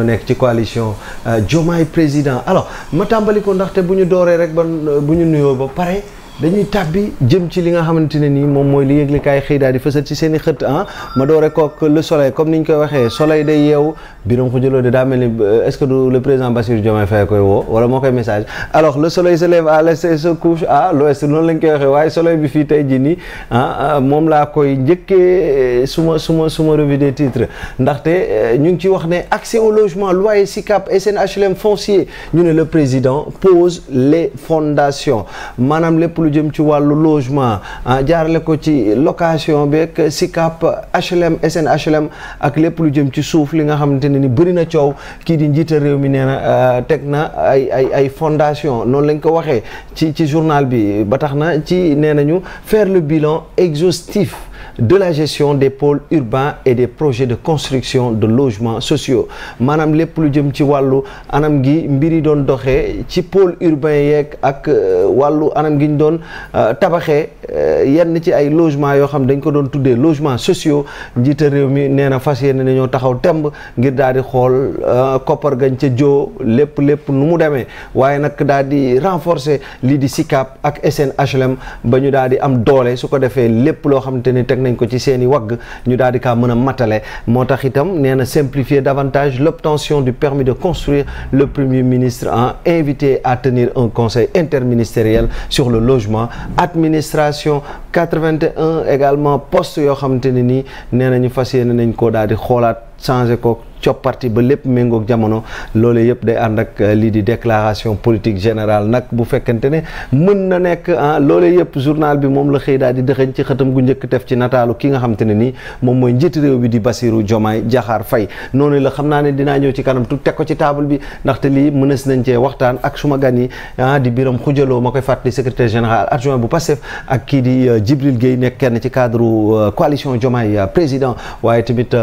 ñoo nekk ci coalition euh, Diomaye président alors ma tàmbali ko ndaxte bu ñu dooree rek ba bu ñu nuyoo ba pare. dañuy tàbbi jëm ci li nga xamante ne nii moom mooy li yëglikaay xëy daal di fësal ci seen i xët ah ma doore kook le soleil comme niñ koy waxee soleil day yeew biram ko jëloo de daa mel ni euh, est-ce que du le président Bassirou Diomaye Faye koy woo wala moo koy message alors le soleil se lève à l'est et se couche à l'ouest noonu lañ koy waxee waaye soleil bi fii tey jii nii ah, ah moom laa koy njëkkee euh, suma suma suma revue des titres ndaxte euh, ñu ngi ci wax ne accès au logement loyer SICAP SNHLM foncier ñu ne le président pose les fondations lu jëm ci wàllu logement ah, jaarale ko ci location beeg SICAP HLM SN HLM ak lépp lu jëm ci suuf li nga xamante ne ni bëri na coow kii di njiita réew mi nee na ah, teg na ay ay ay fondation noonu lañ ko waxee ci ci journal bi ba tax na ci nee nañu faire le bilan exhaustif de la gestion des pôles urbains et des projets de construction de logements sociaux maanaam lépp lu jëm ci wàllu anam gi mbiri doon doxee ci pôle urbain yeeg ak euh, wàllu anam gi ñu doon euh, tabaxee euh, yenn ci ay logement yoo xam dañ ko doon tuddee logement sociaux njiite réew mi nee na fas yéene na ñoo taxaw temb ngir daal di xool euh, koppar gañ ca joo lépp lépp nu mu demee waaye nag daal di renforcer lii di SICAP ak SNHLM ba ñu daal di am doole su ko defee lépp loo xamante ni teg nañ ko ci seen i wagg ñu daal di kaa mën a matale moo tax itam nee na simplifier davantage l'obtention du permis de construire le premier ministre en invité à un conseil interministériel ministériel sur le logement administration 81 également poste yoo xamante ne nii nee nañu fas yéene nañ ko daal di xoolaat changé ko copparti ba lépp méngoog jamono loolu yëpp day ànd ak euh, lii di déclaration politique général nag bu fekkente ne mën na nekk ah loolu yëpp journal bi moom la xëy daal di dëxëñ ci xëtam gu njëkk def ci nataalu ki nga xam te ne nii moom mooy njiitu réew bi di Bassirou Diomaye Diakhar fay noonu la xam naa ne dinaa ñëw ci kanam tu teg ko ci table bi ndaxte lii mënees nañ cee waxtaan ak suma gan yi ah di biram xujaloo ma koy fàttali secrétaire général adjoint bu Pastef ak kii di euh, Djibril Gueye nekk kenn ci cadre euh, coalition Diomaye président waaye tamit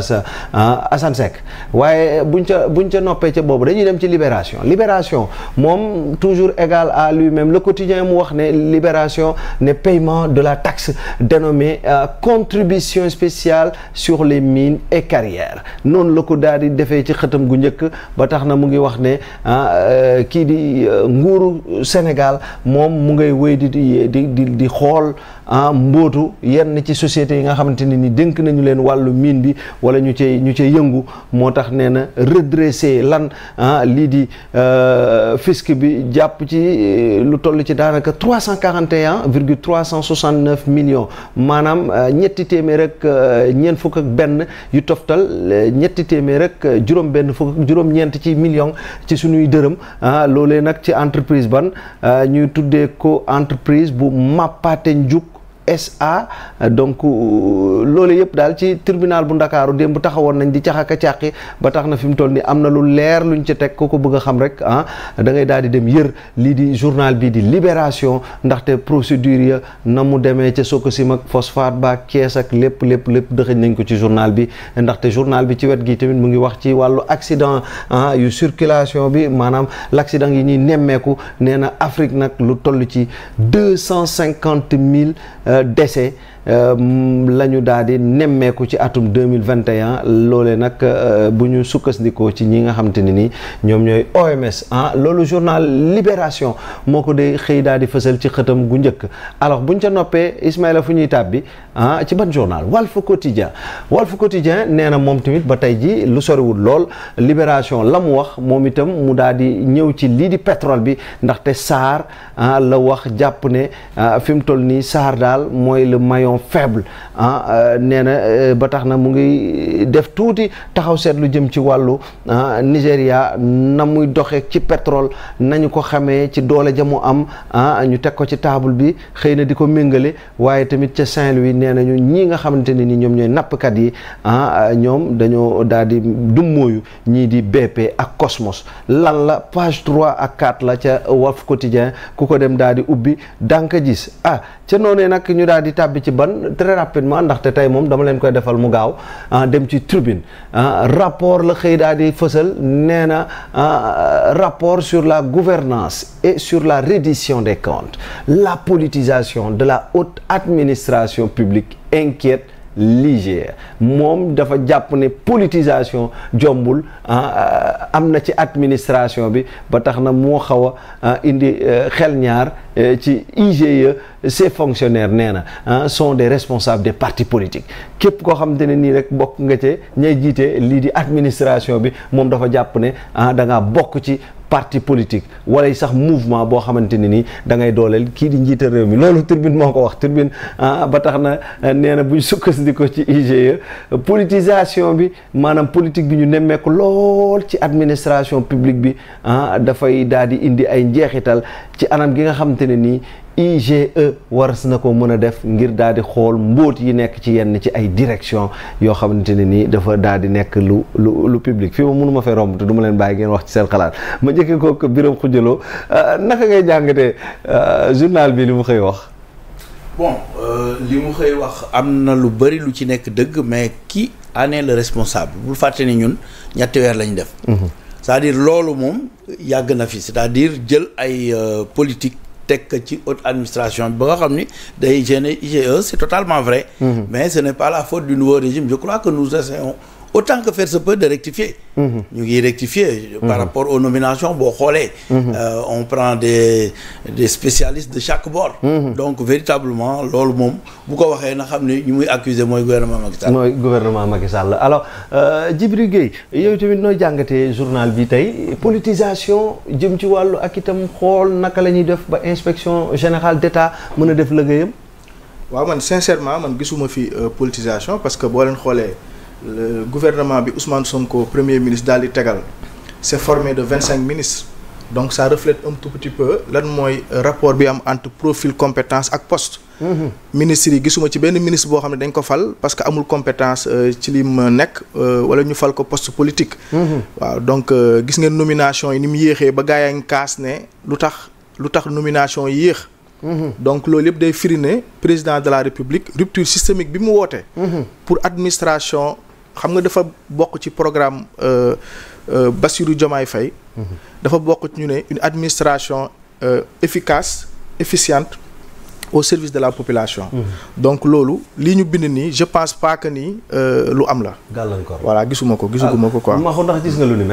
oustaz ah, Assane Seck waaye buñ ca buñ ca noppee ca boobu dañuy dem ci libération libération moom toujours égal à lui-même la le quotidien mu wax ne libération ne paiement de la taxe dénommée euh, contribution spéciale sur les mines et carrières noonu la ko daal di defee ci xëtam gu njëkk ba tax na mu ngi wax ne ah, euh, kii di euh, nguuru Sénégal moom mu ngay wéy di di di di xool ah mbootu yenn ci sociétés yi nga xamante ne ni dénk nañu leen wàllu mine bi wala ñu cay ñu ci yëngu moo tax nee na redresser lan ah lii di euh, fisc bi jàpp ci euh, lu toll ci daanaka trois cent quarante et un virgule cent soixante neuf millions maanaam euh, ñetti téeméer ak ñeent fukk ak benn yu toftal ñetti téeméer ak juróom benn fukk ak juróom-ñeent ci million ci suñuy dërëm ah loolee nag ci entreprise ban ñuy tuddee ko entreprise bu Mapate Njuk SA donc euh, loolu yëpp daal ci tribunal bu ndakaaru démb taxawoon nañ di caxaka càqi ba tax na fi mu toll ni am na lu leer lu ñu ci teg ku ko bëgg a xam rek ah da daal di dem yër lii di journal bi di libération ndaxte procédure ya na mu demee ca Sococim ak phosphate ba kees ak lépp lépp lépp dëxëñ nañ ko ci journal bi ndaxte journal bi ci wet gi tamit mu ngi wax ci wàllu accident ah yu circulation bi maanaam l'accident yi ñuy nemmeeku nee na Afrique nag lu toll ci deux décès Euh, la ñu daal di nemmeeku ci atum 2021 loole nag euh, bu ñu sukkandikoo ci ñi nga xamante ne ni ñoom ñooy OMS ah loolu journal Libération moo ko de xëy daal di fësal ci xëtam gu njëkk alors buñ ca noppee Ismaïla fu ñuy tàbbi ah ci ban journal Walf Quotidien Walf Quotidien nee na moom tamit ba tey ji lu soriwul lool Libération la mu wax moom itam mu daal di ñëw ci lii di pétrole bi ndaxte SAR ah, la wax jàpp ne ah, fi mu toll nii SAR daal mooy le maillon maillon faible ah euh, nee na euh, ba tax na mu ngi def tuuti taxaw seetlu jëm ci wàllu ah, Nigéria na muy doxee ci pétrole nañu ko xamee ci doole ja mu am ah ñu teg ko ci table bi xëy na di ko méngale waaye tamit ca Saint-Louis nee nañu ñii nga xamante ne ni ñoom ñooy nappkat yi ah ñoom dañoo daal di dummóoyu ñii di BP ak Cosmos lan la page 3 ak 4 la ca Walf Quotidien ku ko dem daal di ubbi dànk gis ah ca noonee nag ñu daal tàbbi ci ban très rapidement ndaxte tey moom dama leen koy defal mu gaaw ah, dem ci tribune ah, rapport la xëy daal di fësal nee na ah, rapport sur la gouvernance et sur la reddition des comptes la politisation de la haute administration publique inquiète Niger moom dafa jàpp ne politisation jombul ah, ah, am na ci administration bi ba tax na moo xaw a ah, indi eh, xel ñaar eh, ci IGE ces fonctionnaires nee na son des responsables des partis politiques képp koo xamante ne nii rek bokk nga ci ñay jiite lii di administration bi moom dafa jàpp ne da ngaa bokk ci parti politique wala sax mouvement boo xamante ne ni da ngay dooleel kii di njiital réew mi loolu Tribune moo ko wax Tribune ah ba tax na eh, nee na bu ñu sukkandiku ci IGE politisation bi maanaam politique bi ñu nemmeeku lool ci administration publique bi ah dafay daal di indi ay njeexital ci anam gi nga xamante ne nii IGE waras na ko mën a def ngir daal di xool mbóot yi nekk ci yenn ci ay direction yoo xamante ne nii dafa daal di nekk lu lu lu public fii ma mënu ma fee romb te du leen bàyyi ngeen wax ci seen xalaat ma njëkkee ko biram Khoudialo euh, naka ngay jàngatee euh, journal bi li mu xëy wax. bon euh, li mu xëy wax am na lu bëri lu ci nekk dëgg mais qui en est le responsable bul fàtte ni ñun ñetti weer lañ def. Mhm. cest à loolu moom yàgg na fi c'est-à-dire jël ay politique. teg ci haute administration bi xam ni day gêner IGE c'est totalement vrai. Mm-hmm. mais ce n'est pas la faute du nouveau régime je crois que nous essayons autant que faire se peut de rectifier. Mhm. ñu ngi rectifier. par mhm. rapport aux nominations boo xoolee. Mhm. Euh, on prend des des spécialistes de chaque bord. donc véritablement loolu moom bu ko waxee na xam ne ñu muy accuser mooy gouvernement Macky Sall. mooy gouvernement Macky Sall alors euh, Djibril yow tamit nooy jàngatee journal bi tey politisation jëm ci wàllu ak itam xool naka la ñuy def ba inspection général d'État mën a def liggéeyam. waaw man sincèrement man gisuma fi euh, politisation parce que boo leen xoolee. le gouvernement bi Ousmane Sonko premier ministre daal di tegal c'est formé de vingt cinq ministres donc ça reflète un tout petit peu lan mooy rapport bi am entre profil compétence ak post mhm. ministre yi gisuma ci benn ministre boo xam ne dañ ko fal parce que amul compétence euh, ci li mu nekk euh, wala ñu fal ko poste politique. Mhm. waaw donc euh, gis ngeen nomination yi ni mu yéexee ba gaa yaa ngi kaas ne lu tax lu tax nomination yéex. Mhm. donc loolu yëpp day firi président de la république rupture systémique bi mu woote. xam nga dafa bokk ci programme euh, euh, Bassirou Diomaye mhm. dafa bokk ñu ne une administration euh, efficace efficiente au service de la population. Mm donc loolu li ñu bind nii je pense pas que ni euh, lu am la. gàllankoor voilà gisuma ko gisuguma ko quoi. Ah, ma gis nga lu ni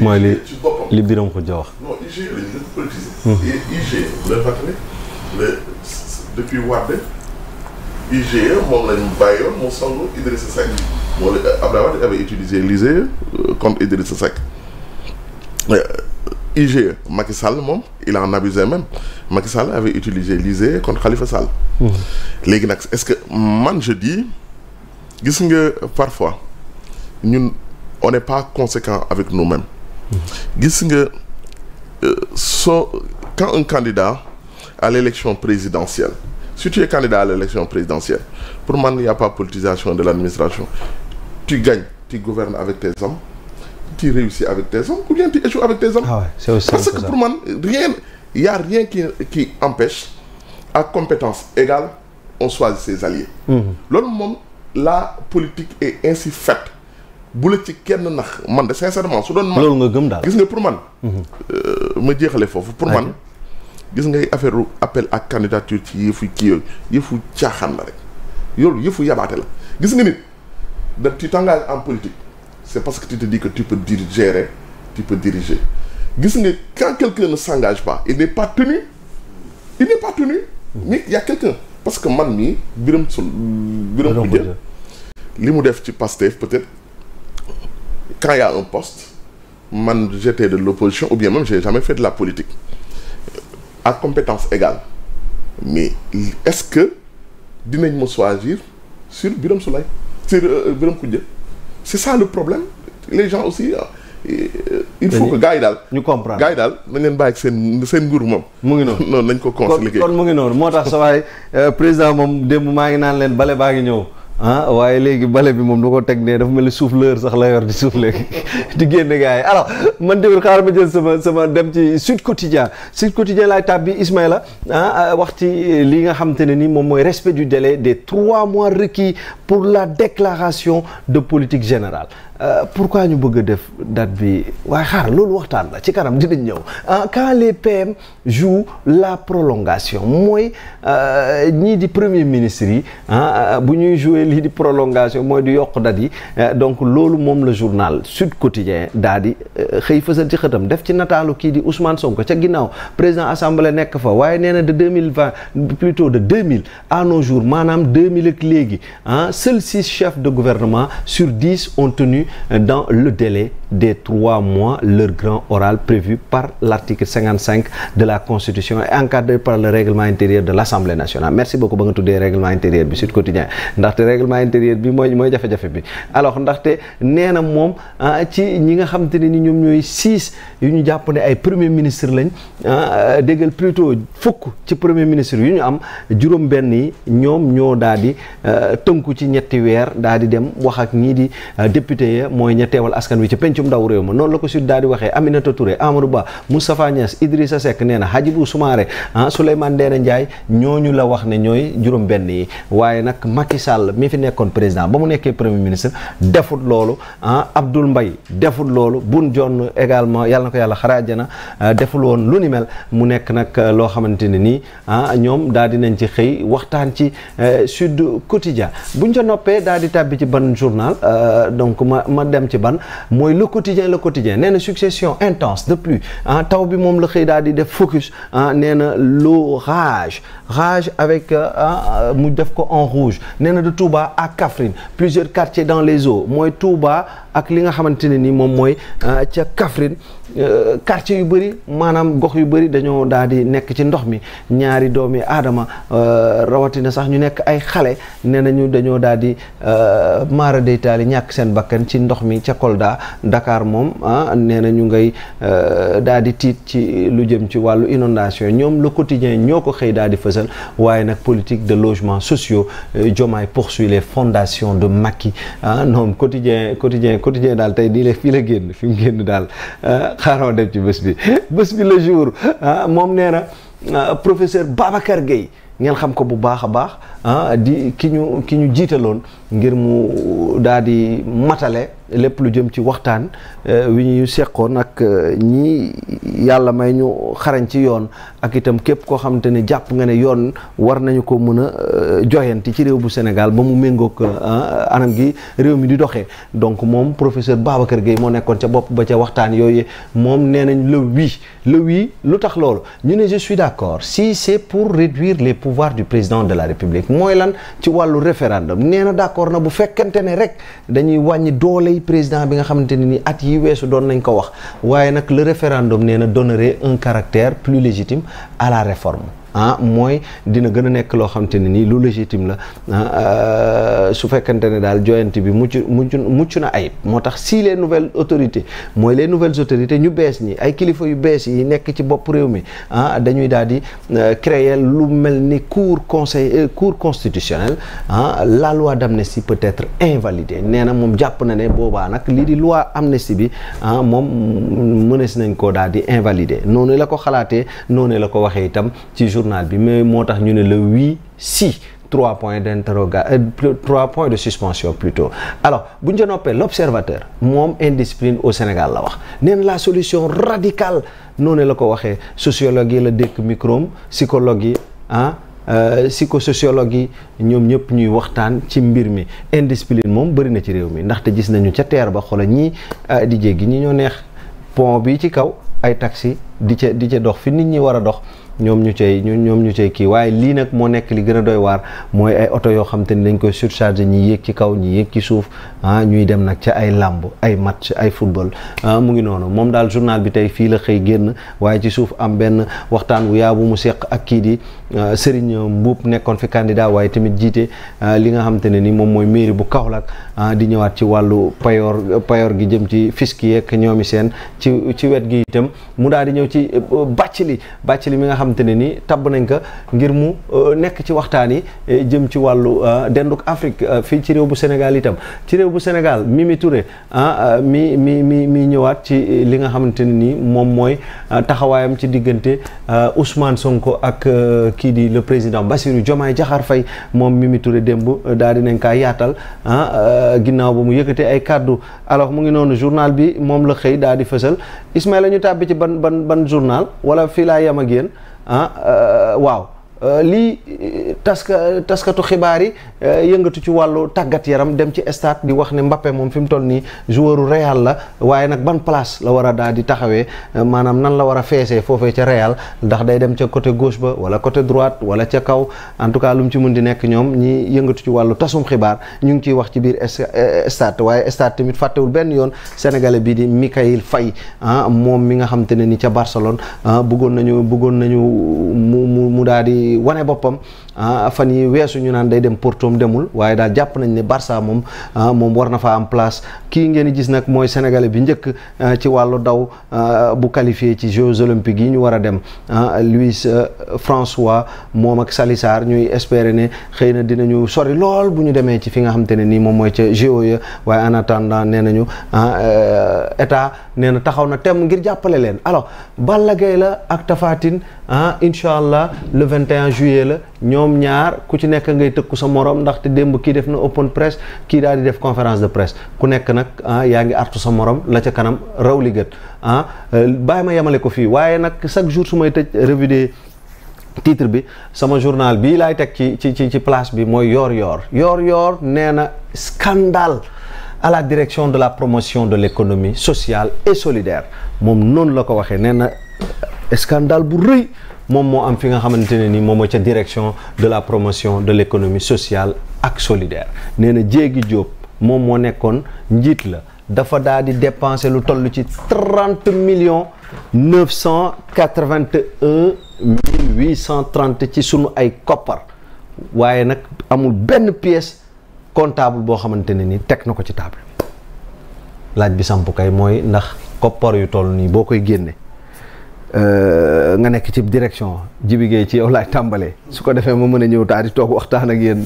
mooy li li biram ko ja wax. non IGE la ñu politiser. IGE la fàttali la depuis Wade IGE moom lañ bàyyoon mu song Idrissa Seck moo la Abdoulaye Wade avait utilisé l'IGE euh, contre Idrissa Seck euh, IGE Macky Sall moom il en abusait même Macky Sall avait utilisé l'IGE contre Khalifa Sall. léegi nag est-ce que man je dis gis nga parfois ñun on n'est pas conséquent avec nous-mêmes. gis nga euh, soo quand un candidat à l'élection présidentielle si tu es candidat à l'élection présidentielle pour man il y a pas politisation de l'administration tu gagnes tu gouvernes avec tes hommes tu réussis avec tes hommes ou bien tu échoues avec tes hommes ah ouais, parce que pour man rien il y a rien qui qui empêche à compétence égale on choisit ses alliés mhm. loolu la politique est ainsi faite bu la ci kenn nax man de sincèrement su doon man loolu nga gëm daal gis nga pour man mhm. euh, ma jeexale foofu pour man gis ngay affaire appel ak candidature ci yëfu kii yooyu yëfu caaxaan la rek yoolu yëfu yabaate la gis nga nit da ti t'engages en politique c'est parce que tu te dis que tu peux gis nga quand quelqu'un ne s'engage pas il n'est pas tenu il n'est pas tenu mhm. mais il y a parce que man mii biram sul biram li mu def ci Pastef peut quand il y a un poste man j'étais de l'opposition ou bien même j'ai jamais fait de la politique à compétence égale mais est-ce que dinañ ma choisir sur Birame Souleye sur euh, Birame Khoudia c'est ça le problème les aussi ah, euh, il faut que gars yi daal. ñu comprendre gars yi daal nañ leen bàyyi seen seen nguur moom. mu ngi noonu noonu nañ ko. consolider kon kon mu ngi noonu moo tax sa waay euh, président moom démb maa ngi naan leen bale baa ngi ñëw. ah waaye léegi bale bi moom du ko teg ne dafa mel ni souffleur sax la yor di soufflé di génne gars yi alors man déglu xaaral ma jël sama sama dem ci Sud Quotidien Sud Quotidien laay tab bi la ah, ah wax ci li nga xamante ne ni moom mooy respect du délai des trois mois requis pour la déclaration de politique général Euh, pourquoi ñu bëgg a def date bi waaye xaar loolu waxtaan la ci kanam dinañ ñëw euh, quand les PM jouent la prolongation mooy euh, ñii di premier ministre yi bu ñuy jouer lii di prolongation mooy di yokk date yi donc loolu moom la journal Sud Quotidien daa di xëy fësal ci xëtam def ci nataalu kii di Ousmane ko ca ginnaaw président assemblée nekk fa waaye nee na de 2020 plutôt de 2000 à nos jours maanaam 2000 ak léegi ah seuls six de gouvernement sur dix ont dans le délai des trois mois leur grand oral prévu par l'article 55 de la Constitution et encadré par le règlement intérieur de l'Assemblée nationale merci beaucoup ba nga tuddee règlement intérieur bi Sud Quotidien ndaxte règlement intérieur bi mooy mooy jafe-jafe bi alors ndaxte nee na moom ah, ci ñi nga xamante ne ni ñoom ñooy six yu ñu jàpp ne ay premier ministre lañ ah, euh, déggal plutôt fukk ci premier ministre yu ñu am juróom benn yi ñoom ñoo daal di euh, tënku ci ñetti weer daal di dem wax ak ya mooy ña teewal askan wi ci pencum ndaw réew ma noonu la ko sud daal waxee Aminata Touré Amadou Ba Moustapha Niass Idrissa Seck nee na Hadjibou Soumaré ah Souleymane Ndéné Ndiaye ñooñu la wax ne ñooy juróom benn yi waaye nag Macky Sall mi fi nekkoon président ba mu nekkee premier ministre defut loolu ah Abdoul Mbaye defut loolu bun Dionne également yàlla na ko yàlla xaraajana ah, deful woon lu ni mel mu nekk nag ah, loo xamante ne nii ah ñoom daal di nañ ci xëy waxtaan ci eh, Sud Quotidien buñ ca noppee ma dem ci ban mooy le quotidien le quotidien nee succession intense de pluie ah taw bi moom la xëy daal di def focus ah nee na l'orage rage avec ah, ah, mu def ko en rouge nee na de Touba à Kaffrine plusieurs quartiers dans les eaux mooy Touba. ak li nga xamante ne ni moom mooy euh, ca Kaffrine euh, quartier yu bëri maanaam gox yu bëri dañoo daal di nekk ci ndox mi ñaari doomi aadama euh, rawatina sax ñu nekk ay xale nee nañu dañoo daal di maara deytaali ñàkk seen bakkan ci ndox mi ca Kolda Dakar moom ah, nee nañu ñu ngay daal di tiit ci lu jëm ci wàllu inondation ñoom le quotidien ñoo ko xëy daal di fësal waaye nag politique de logement sociaux Diomaye poursuit les fondations de Macky ah non quotidien quotidien daal tey nii la fii la génn fi mu génn daal euh, xaaral dem ci bés bi bés bi le jour ah, moom nee na euh, professeur Babacar Gueye ngeen xam ko bu baax a baax ah, di ki ñu ki ñu jiitaloon ngir mu daal di matale. lépp lu jëm ci waxtaan euh, wi ñu seqoon ak euh, ñi yàlla may ñu xarañ ci yoon ak itam képp koo xamante ne jàpp nga ne yoon war nañu ko mën a euh, joyanti ci réew bu Sénégal ba mu méngoog ah, anam gi réew mi di doxee donc moom professeur kër Gueye moo nekkoon ca bopp ba ca waxtaan yooyu moom nee nañ le oui le oui lu tax loolu ñu ne je suis d'accord si c'est pour réduire le pouvoirs du président de la République mooy lan ci wàllu référendum nee d'accord na bu fekkante président bi nga xamante ne ni at yi weesu doon nañ ko wax waaye nag le référendum nee na donnerait un caractère plus légitime à la réforme ah mooy dina gën a nekk loo xamante ne nii lu légitime la ah, euh, su fekkante ne daal joyante bi mucc mucc mucc na ay moo tax si les nouvelle autorités mooy les nouvelles autorités ñu bees nii ay kilifa yu bees yi nekk ci bopp réew mi ah dañuy daal di euh, créer lu mel ni cour conseil euh, cour constitutionnelle ah la loi d'amnistie peut être invalidée nee na moom jàpp na ne boobaa nag lii di loi amnistie bi ah moom mënees nañ ko daal di invalider noonu la ko xalaatee noonu la ko waxee itam journal bi mais moo tax ñu ne le oui si trois points d'interrogation euh, trois points de suspension plutôt alors bu ñu ca noppee l'observateur moom indiscipline au Sénégal la wax neen la solution radicale noonu la ko waxee sociologue yi la dékk microm psychologue yi ah euh, psychosociologue yi ñoom ñëpp ñuy waxtaan ci mbir mi indiscipline moom bëri na ci réew mi ndaxte gis nañu ca teer ba xoola ñii euh, di jéggi ñi ñoo neex pont bi ci kaw ay taxi di ca di ca dox fi nit ñi war a dox ñoom ñu cay ñoom ñu cay kii waaye lii nag moo nekk li gën a doy waar mooy ay oto yoo xam te ni dañ koy surcharger ñi yéeg ci kaw ñi yéeg ci suuf ah ñuy dem nag ca ay làmb ay match ay football ah, mu ngi noonu moom daal journal bi tey fii la xëy génn waaye ci suuf am benn waxtaan wu yaa bu mu seq ak kii di Euh, Serigne Mboup nekkoon fi candidat waaye tamit jiite euh, li nga xamante ne nii moom mooy mairie bu Kaolack euh, di ñëwaat ci wàllu payoor payoor gi jëm ci fiski yeeg ñoomi seen ci ci wet gi itam mu daal di ñëw ci bàccali bàccali mi nga xamante ne ni tabb nañ ko ngir mu nekk ci waxtaan yi jëm ci wàllu denduk Afrique fii ci réew bu Sénégal itam ci réew bu Sénégal Mimi Touré ah, mi mi mi mi ñëwaat ci li nga xamante ne moom mooy taxawaayam ci diggante Ousmane Sonko ak. kii di le président Bassirou Diomaye Diakhar fay moom Mimi Touré démb euh, daal nañ kaa yaatal ah euh, ginnaaw ba mu yëkkatee ay kàddu alors mu ngi noonu journal bi moom la xëy daal di fësal Ismaïla ñu tàbbi ci ban ban ban journal wala fii laa yem a yéen ah euh, waaw Euh, lii euh, taska taskatu xibaar yi euh, yëngatu ci wàllu tàggat yaram dem ci stade di wax ne Mbappé moom fi mu toll nii joueuru Real la waaye nag ban place la war a daal di taxawee maanaam nan la war a feesee foofee ca Real ndax day dem ca côté gauche ba wala côté droite wala ca kaw en tout cas lu mu ci mën di nekk ñoom ñi yëngatu ci wàllu tasum xibaar ñu ngi ciy wax ci biir stade waaye stade tamit fàttewul benn yoon sénégalais bi di Mikayil fay ah moom mi nga xam te ne ni ca Barcelone ah, bëggoon nañu bëggoon nañu mu mu daal di wane boppam ah fan yi weesu ñu naan day dem Portoom demul waaye daal jàpp nañ ni Barça moom ah, moom war na fa am place kii ngeen di gis nag mooy sénégalais bi njëkk ah, ci wàllu daw ah, bu qualifié ci Jeux olympiques yi ñu war a dem Luis François moom ak Salissar ñuy espérer ne xëy na dinañu sori lool bu ñu demee ci fi nga xamante ne nii moom mooy ca Jeux ya waaye en attendant nee nañu eh, état nee na taxaw na tem ngir jàppale leen alors Balla Gaye la ak Tapha Tine allah le 21 juillet la ñoom ñaar ku ci nekk ngay tëkku sa morom ndaxte démb kii def na open press kii daal di def conférence de presse ku nekk nag ah yaa ngi artu sa morom la ca kanam raw li gët ah eh, bàyyi ma yemale ko fii waaye nag chaque jour su may tëj revue titre bi sama journal bii laay teg ci ci ci ci place bi mooy yoor yoor yoor yoor nee na scandale à la direction de la promotion de l'économie sociale et solidaire moom noonu la ko waxee nee eh, scandale bu rëy moom moo am fi nga xamante ne ni moom moo ca direction de la promotion de l'économie sociale ak solidaire nee na Jéegi Diop moom moo nekkoon njiit la dafa daal di dépenser lu toll ci trente million neuf cent quatre-vingt-un ci sunu ay koppar waaye nag amul benn pièce comptable boo xamante ne ni teg na ko ci table laaj bi samp kay mooy ndax koppar yu toll nii boo koy génne Euh, nga nekk ci direction Jibi Gueye ci yow laay tàmbalee su ko defee ma mën a ñëw taal di toog waxtaan ak yéen.